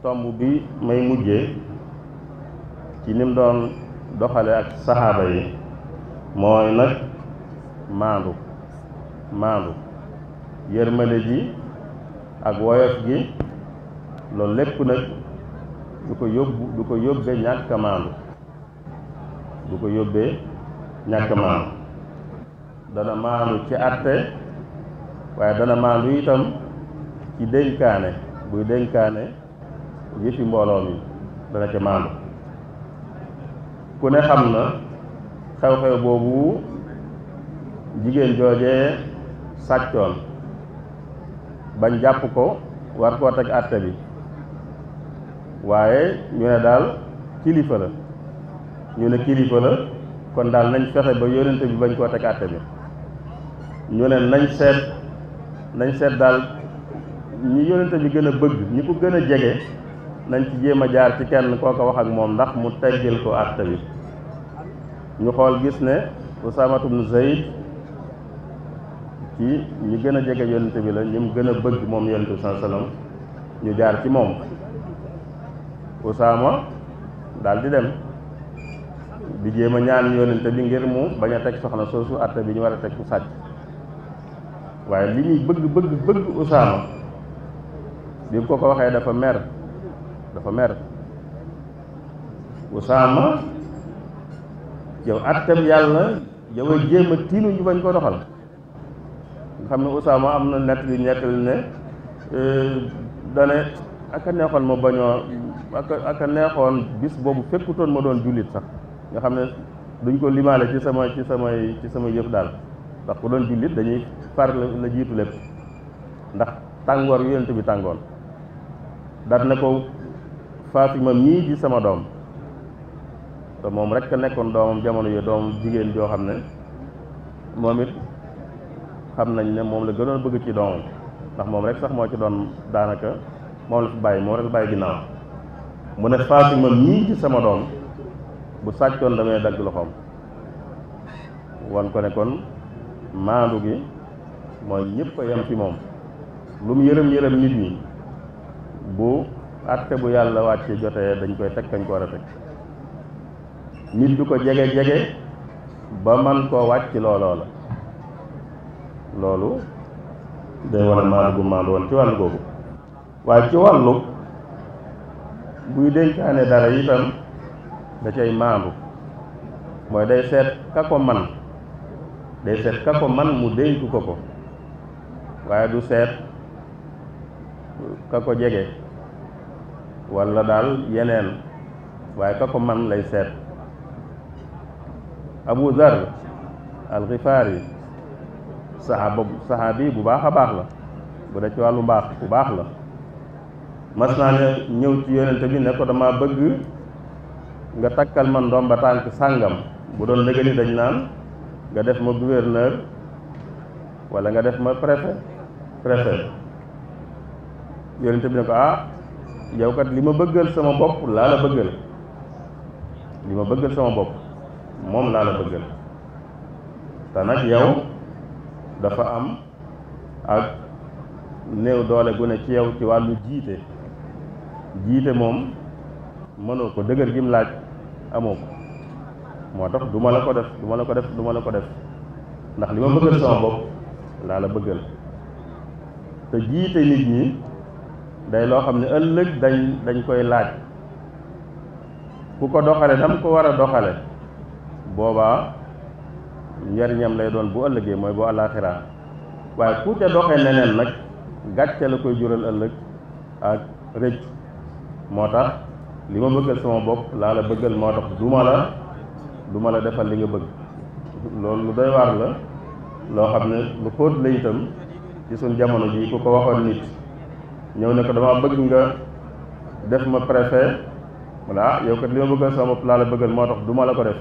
tomb bi may mujje ci nim doon doxale ak saxaaba yi mooy nag maandu maandu yërmande ji ak woyof gi loolu lépp nag du ko yóbbu du ko yóbbee ñàkk maandu du ko yóbbee ñàkk maandu dana maandu ci àtte waaye dana maandu itam ci dénkaane buy dénkaane yëfi mbooloo mi dana ca maandu ku ne xam na xew-xew boobu jigéen joojee sàccoon bañ jàpp ko war koo teg àtte bi waaye ñu ne daal kilifa la ñu ne kilifa la kon daal nañ fexe ba yónnente bi bañ koo teg àtte bi ñu ne nañ seet nañ seet daal ñi yónnente bi gën a bëgg ñi ko gën a jege nañ ci jéem a jaar ci kenn kooko wax ak moom ndax mu teggil ko àtte bi ñu xool gis ne Usaamatu bnu Zayd ci ñu gën a jege yonent bi la ñu gën a bëgg moom yonent bi saa sallam ñu jaar ci moom Usaama daal di dem di jéem a ñaan yonent bi ngir mu bañ a teg soxna soosu àtte bi ñu war a teg ku sàcc waaye li ñuy bëgg bëgg bëgg Usaama bi ko ko waxee dafa mer dafa mer Usaama yow àtteem yàlla yow a jéem a tiinu ñu bañ ko doxal nga xam ne Usaama am na nett li nettali ne euh, dane ak a neexoon ma bañoo ak a neexoon bis boobu fekkutoon ma doon jullit sax nga xam ne duñ ko limaale ci sama ci samay ci sama yëf daal ndax ku doon jullit dañuy far la jiitu lépp ndax tàngoor yu yonent bi tàngoon daan na ko Fatima mii di sama doom te moom rek nekkoon doomam jamono yu doom jigéen joo xam ne moom it xam nañ ne moom la gënoon bëgg ci doomam ndax moom rek sax moo ci doon daanaka moom la fi bàyyi moom rek bàyyi ginnaaw mu ne Fatima mii ci sama doom bu sàccoon damay dagg loxoom wan ko nekkoon kon maandu gi mooy ñëpp a yam ci moom lu mu yërëm yërëm nit ñi bu atte bu yàlla wàcce jotee dañ koy teg kañ ko war a teg nit du ko jege-jege ba man koo wàcc looloo la loolu day war a maandu maandu ci wàllu googu waaye ci wàllu buy dénkaane dara itam da cay maandu mooy day seet ka ko man day seet ka ko man mu dénk ko ko waaye du seet ka ko jege walla daal yeneen waaye ka ko man lay seet Abu Dhar al-Ghifari saxaaba saxaabi bu baax a baax la bu dee ci wàllu mbaax bu baax la mas naa ne ñëw ci yonente bi ne ko dama bëgg nga takkal man ndomba tànk sàngam bu doon légani dañ naan nga def ma gouverneur walla nga def ma préfet préfet yonente bi ne ko ah yow kat li ma bëggal sama bopp laa la bëggal li ma bëggal sama bopp moom laa la bëggal te nag yow dafa am ak néew doole gu ne ci yow ci wàllu jiite jiite moom mënoo ko dëgër gi mu laaj amoo ko moo tax duma la ko def duma la ko def duma la ko def ndax li ma bëggal sama bopp laa la bëggal te jiite nit ñi day loo xam ne ëllëg dañ dañ koy laaj ku ko doxale dam ko war a doxale boobaa njariñam lay doon bu ëllëgee mooy bu àllaaxira waaye ku ca doxe neneen nag gàcce la koy jural ëllëg ak rëcc moo tax li ma bëggal sama bopp laa la bëggal moo tax duma la duma la defal li nga bëgg loolu lu waar la loo xam ne lu xóot la itam ci suñ jamono ji ku ko waxoon nit ñëw ne ko dama bëgg nga def ma préfet voilà ah, yow kat li ma bëggal sama bopp laa la bëggal moo tax du la ko def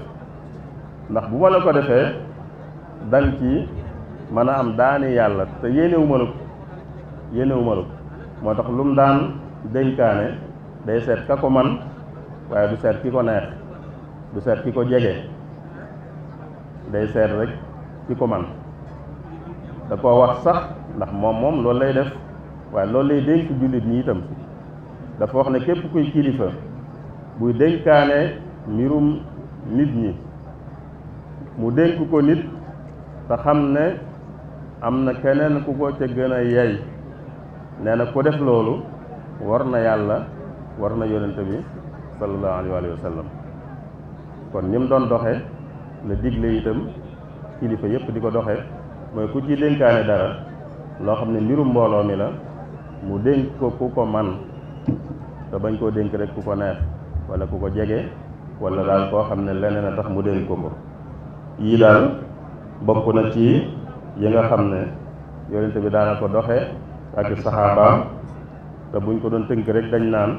ndax bu ma la ko defee dan ci mën a am daani yàlla te yéenewu ma la ko yéenewu ma la ko moo tax lu mu daan dénkaane day seet ka ko man waaye du seet ki ko neex du seet ki ko jege day seet rek ki ko man da koo wax sax ndax moom moom loolu lay def waaye loolu lay dénk jullit ñi itam dafa wax ne képp kuy kilifa buy dénkaane mbirum nit ñi mu dénk ko nit te xam ne am na keneen ku ko ca gën a yey nee na ku def loolu war na yàlla war na yonente bi sallallahu alayhi wa sallam kon ni mu doon doxe la digle itam kilifa yépp di ko doxe mooy ku ci dénkaane dara loo xam ne mbirum mbooloo mi la mu dénk ko ku ko man te bañ koo dénk rek ku ko neex wala ku ko jege walla daal koo xam ne leneen a tax mu dénk ko ko yii daal bokk na ci yi nga xam ne yonent bi daana ko doxe ak saxaabaam te buñ ko doon tënk rek dañ naan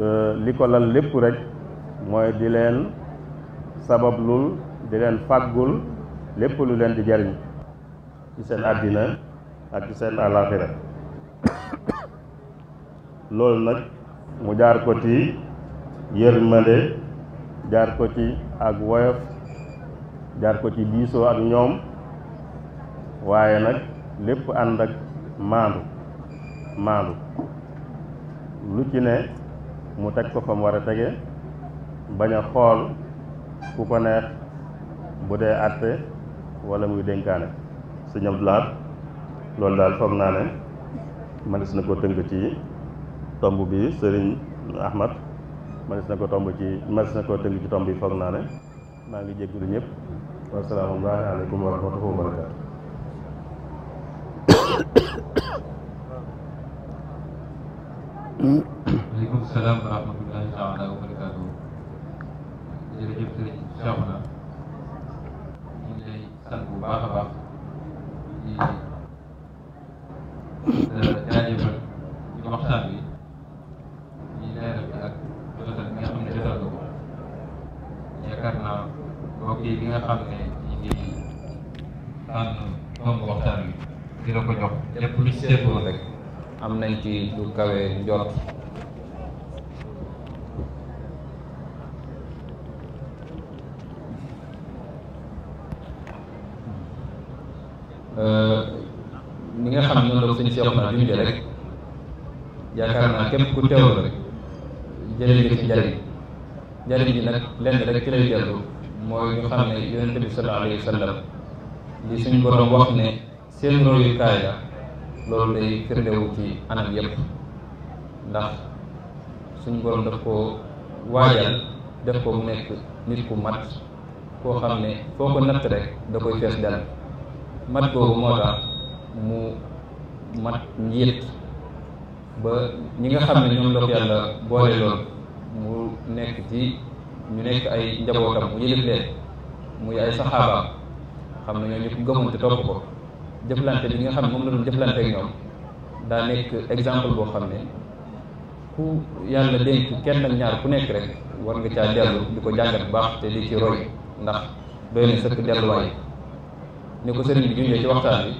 euh, li ko lal lépp rek mooy di leen sabablul di leen fàggul lépp lu leen di jariñ ci seen àddina ak ci seen àllaaxira loolu nag mu jaar ko ci yërmande jaar ko ci ak woyof jaar ko ci diisoo ak ñoom waaye nag lépp ànd ak maandu maandu lu ci ne mu teg ko fa mu war a tege bañ a xool ku ko neex bu dee àtte wala muy dénkaane sëñ Abdou Lahad loolu daal foog naa ne mënees na ko tënk ci tomb bi sëriñ Ahmad mënees na ko tomb ci mënees na ko tënk ci tomb bi foog naa ne maa ngi jégalu ñëpp wasalaamu aleykum wa baax a baax jaajëfal euh, ci waxtaan bi ñuy leeral ak jotal bi nga xam ne jotal nga ko yaakaar naa mbokk bi nga xam ne ñu ngi tànn tomb waxtaan bi dina ko jox lépp lu ci seetlu rek am nañ ci lu kawe njort képp ku teewlu rek jëlee nga ci njariñ njariñ bi nag lenn rek ci lay dellu mooy ñu xam ne yonente bi sallallahu suñ borom wax ne seen royukaay la loolu day firndewu ci anam yépp ndax suñ borom daf koo waajal def ko mu nekk nit ku mat koo xam ne foo ko natt rek da koy fees dell mat googu moo tax mu mat njiit ba ñi nga xam ne ñoom la ko yàlla boole loolu mu nekk ci ñu nekk ay njabootam mu yëlif leen muy ay saxaabaam xam ne ñoo ñëpp gëmoon te topp ko jëflante bi nga xam ne moom la doon jëflante ak ñoom daa nekk exemple boo xam ne ku yàlla dénk kenn ak ñaar ku nekk rek war nga caa dellu di ko jàngat bu baax te lii ci roy ndax doy na sëkk delluwaay ni ko sëriñ bi junjee ci waxtaan bi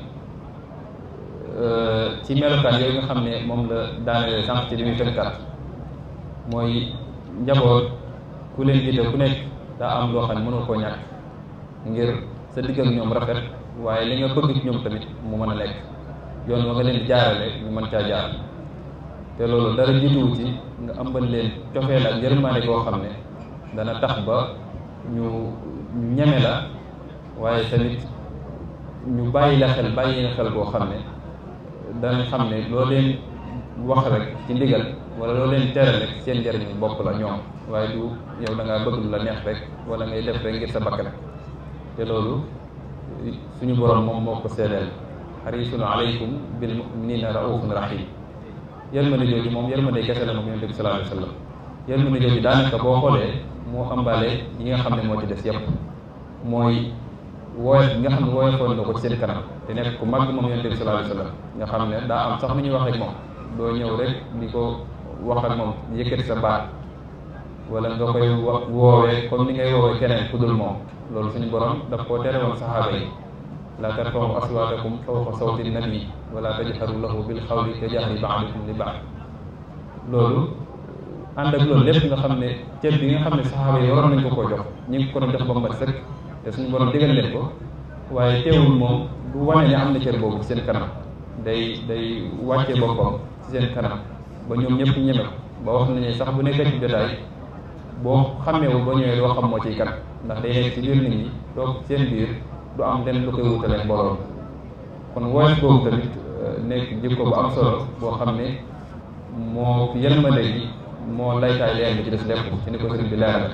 Euh, ci melokaan yooyu nga xam ne moom la daanele sànq ci li muy tënkat mooy njaboot ku leen jiite ku nekk daa am loo xam ne mënul koo ñàkk ngir sa digg ñoom rafet waaye li nga bëgg ñoom tamit mu mën a nekk yoon wa nga leen di jaarale ñu mën caa jaar te loolu dara jiituwu ci nga ëmbal leen cofeel ak yërmaande koo xam ne dana tax ba ñu ñeme la waaye tamit ñu bàyyi la xel bàyyi la xel koo xam ne danañ xam ne loo leen wax rek ci ndigal wala loo leen tere rek seen njëriñu bopp la ñoom waaye du yow da bëgg lu la neex rek wala ngay def rek ngir sa bakkan te loolu suñu borom moom moo ko seedeel xarisun aleykum bil muminina raufun rahim yërmande jooju moom yërmande kese la moom yonent bi sallallahu alayhi wa sallam yërmande jooju daanaka boo xoolee moo ëmbaale yi nga xam ne moo ci des yépp mooy wooyet nga xam ne wooyetoon na ko ci seen kanam te nekk ku mag moom yonent bi sallallahu alayhi wasallam nga xam ne daa am sax nu ñuy wax ak moom doo ñëw rek di ko wax ak moom yëkkati sa baat wala nga koy wax woowee comme ni ngay woowee keneen ku dul moom loolu suñu borom daf koo tere woon saxaaba yi la tarfa'u aswaatakum fawqa sawti nabi wala tajharu lahu bil xawli ka jahri ba'dikum li ba'd loolu ànd ak loolu lépp nga xam ne ceeb bi nga xam ne saxaaba yi waroon nañ ko koo jox ñu ngi ko doon jox ba mat sëkk te suñu borom digal waaye teewul moom du wane ne am na cër boobu ci seen kanam day day wàcce boppam ci seen kanam ba ñoom ñëpp ñeme ko ba wax nañu sax bu nekkee ci jotaay boo xammeewul ba ñëwee doo xam moo ciy kan ndax day nekk ci biir nit ñi toog seen biir du am lenn lu koy wutale kon woyof boobu tamit euh, nekk jikko bu am solo boo xam ne moo yërmande gi moo laytaay leen ci des lépp ci ni ko sëriñ bi leeral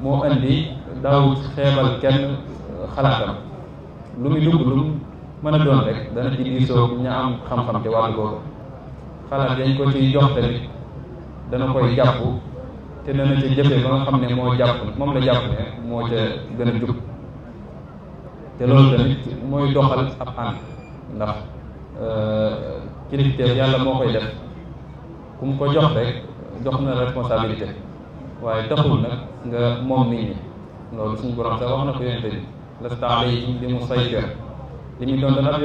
moo andi daawut xeebal kenn xalaatam lu muy dugg lu mu mën a doon rek dana ci diisoo ña am xam-xam te wàllu googu xalaat dañ ko ciy jox tamit dana koy jàpp te dana ca jëfee ba nga xam ne moo jàpp moom la jàpp moo ca gën a jub te loolu tamit mooy doxal ab ànd ndax euh, kilifteef yàlla moo koy def ku mu ko jox rek jox na responsabilité waaye taxul nag nga moom nit ñi loolu suñu borom sax wax na ko yonte bi lasta alayhim bi musaytir li muy doon dana ab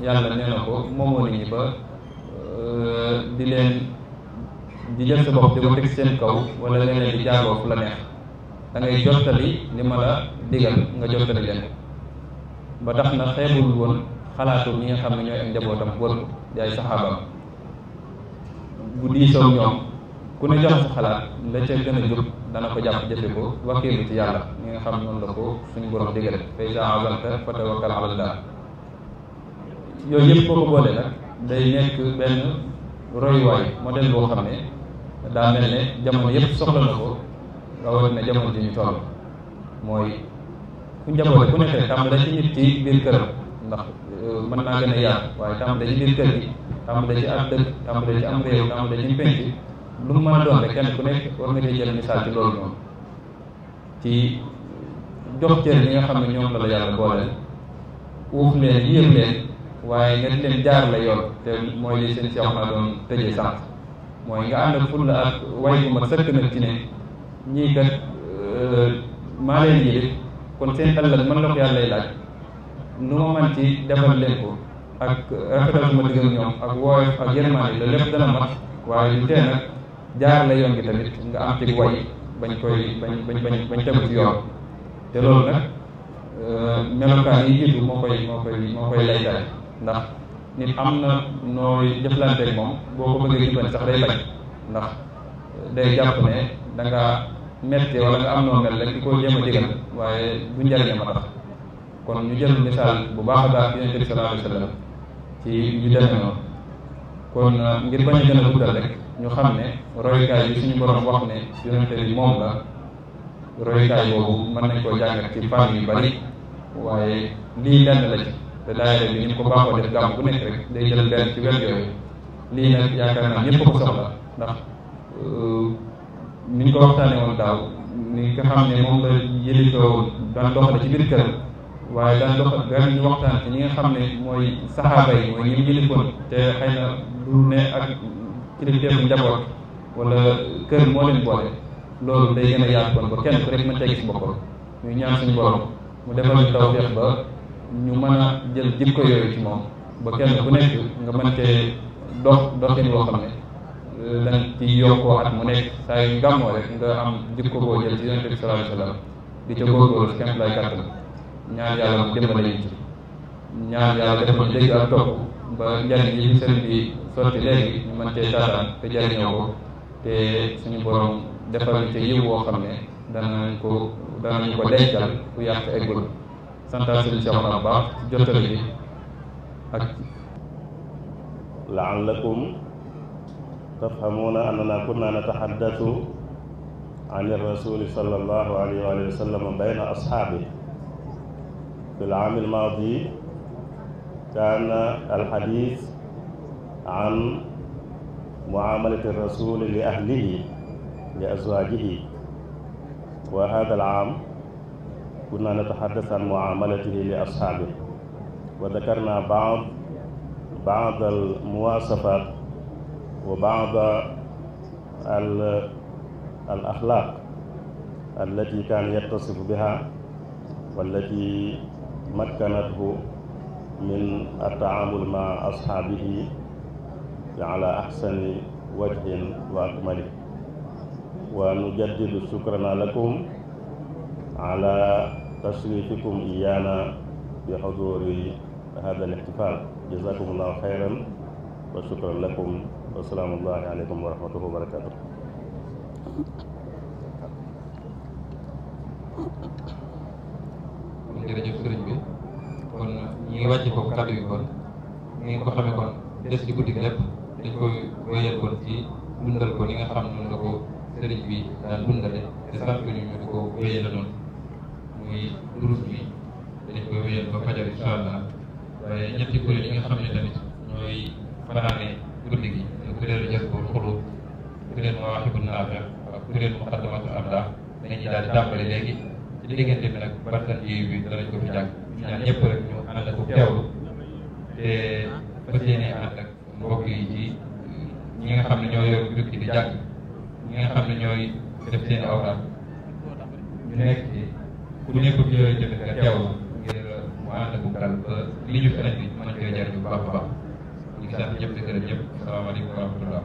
yàlla nee na ko moomoo nit ñi ba euh, di leen di jël sa bopp di ko teg seen kaw wala leneen di jaaroo fu la neex da ngay jottali li ma la digal nga jottali leen ba tax na xeebul woon xalaatoo ñi nga xam ne ñooy ak njabootam wër di ay saxaabam bu diisoog ñoom ku ne jox sa xalaat la ca gën a jub dana ko jàpp jëfe ko wakkiilu ci yàlla ñi nga xam noonu la ko suñu borom digale fa iza azamta fa tawakkal ala Allah yooyu yëpp boo ko boolee nag day nekk benn royuwaay modèle boo xam ne daa mel ne jamono yëpp soxla na ko rawatina jamono ji ñu toll mooy ku njaboote ku nekk rek tàmbale ci nit ci biir këram ndax euh, mën naa gën a yaatu waaye tàmbale ci biir kër gi tàmbale ci ab dëkk tàmbale ci am réew tàmbale lu mu mën a doon rek kenn ku nekk war nga jël misaal ci loolu noonu ci jox cër li nga xam ne ñoom la la yàlla booleel uuf leen yéem leen waaye nga di leen jaar la yoon te mooy li seen seex naa doon tëjee sànq mooy nga ànd ak fulla ak way bu ma sëkk nag ci ne ñii kat euh, maa leen yilif kon seen la mën la ko yàlla lay laaj nu ma man ci defal leen ko ak rafetal suma diggam ñoom ak wooyof ak yërmaande la lépp dana mat waaye lu tee nag jaar la yoon gi tamit nga am ci way bañ koy bañ bañ bañ bañ tegu si yoon te loolu nag euh, euh, melokaan yi jiitu moo koy moo koy moo koy laytaay ndax am na nooy moom boo ko bëggee sax day bañ ndax euh, day jàpp ne danga nga metti nga am noo mel rek di ko jéem a digal waaye du njariñ ma tax kon ñu jël misaal bu baax a baax yonent bi sallallahu alayhi wa sallam ci ñu demee noonu kon ngir bañ a gën a guddal rek ñu xam ne royukaay yi suñu borom wax ne te bi moom la royukaay boobu mën nañ koo jàngat ci fànn yu bari waaye lii lenn la ci te daayira bi ni ko baaxoo def gàmm bu nekk rek day jël benn ci wet yooyu lii nag yaakaar naa ñëpp ko soxla ndax ni ñu ko waxtaanee woon daaw ni nga xam ne moom la yëlitoo daan doxale ci biir këram waaye daan doxal gan ñu waxtaan ci ñi nga xam ne mooy saxaaba yi mooy ñi mu yëlikoon te xëy na du ne ak ci digganteem njaboot wala kër moo leen boole loolu day gën a yaatu kon ba kenn ku rek mën cee gis boppam ñu ñaan suñu borom mu defal ñu tawfeex ba ñu mën a jël jikko yooyu ci moom ba kenn ku nekk nga mën cee dox doxin woo xam ne euh, danga ci koo at mu nekk saa yi gàmmoo rek nga am jikko boo jël ci yonent bi sallallahu alayhi wa sallam di ca góorgóorlu si kéem lay kàttan ñaan yàlla mu dimbali ñu ci ñaan yàlla defal ñu dégg ak topp ba njariñ yi fi bi sotti léegi ñu mën cee taataan te jariñoo te suñu borom defal te yiw woo xam ne danañ ko danañ ko dencal ku yàq eggul santaal sëriñ Cheikh Oumar baax ci jottali bi ak laallakum tafhamuuna annana kunna nataxaddasu an irrasuli sallallahu alayhi wa sallam bayna ashaabi fi l aami l maadi kaana alxadis an muamalati rasuli li ahlihi li azwajihi wa hada al aam kunna nataxaddas an muamalatihi li ashaabihi wa dakarna baad baad al muwaasafat wa baad al al axlaaq allati kaana yattasifu biha wallati makkanathu min attaamul ma ashaabihi bi ala ahsani wajhin wa akmali wa nujaddidu shukrana lakum ala tashrifikum iyana bi xuduri hada al ixtifal jazakum allahu xayran wa shukran lakum wa salaamu aleykum wa rahmatullahi wa barakatuh jërëjëf sëriñ bi kon ñu ngi wàcce foofu kàddu yi kon ñu ngi ko xamee kon des ci guddi gi lépp dañ koy wéyal kon ci dundal ko ni nga xam noonu la ko sëriñ bi daan dundale te sant ñu ñu di ko wéyale noonu muy durus bi dañ koy wéyal ba fajar incha allah waaye ñetti kuréel yi nga xam ne tamit ñooy fanaane guddi gi ñu kuréelu jas bu xulu kuréel mawaaxibul naafi ak kuréel muqaddamatul amdah dañuy daal di tàmbale léegi ci diggante bi nag waxtaan yooyu bi danañ ko fi jàng ñaan ñëpp rek ñu ànd ak teewlu te fas yéene ànd ak mbokk yi ci ñi nga xam ne ñoo yor dëkk di jàng ñi nga xam ne ñooy def seen awraam nekk ku nekk ci yooyu tamit nga teewlu ngir mu ànd ak dal ba li ñu fi andi mën cee jariñ bu baax baax ñu ngi sant ñëpp di gërëm ñëpp asalaamaaleykum wa rahmatullah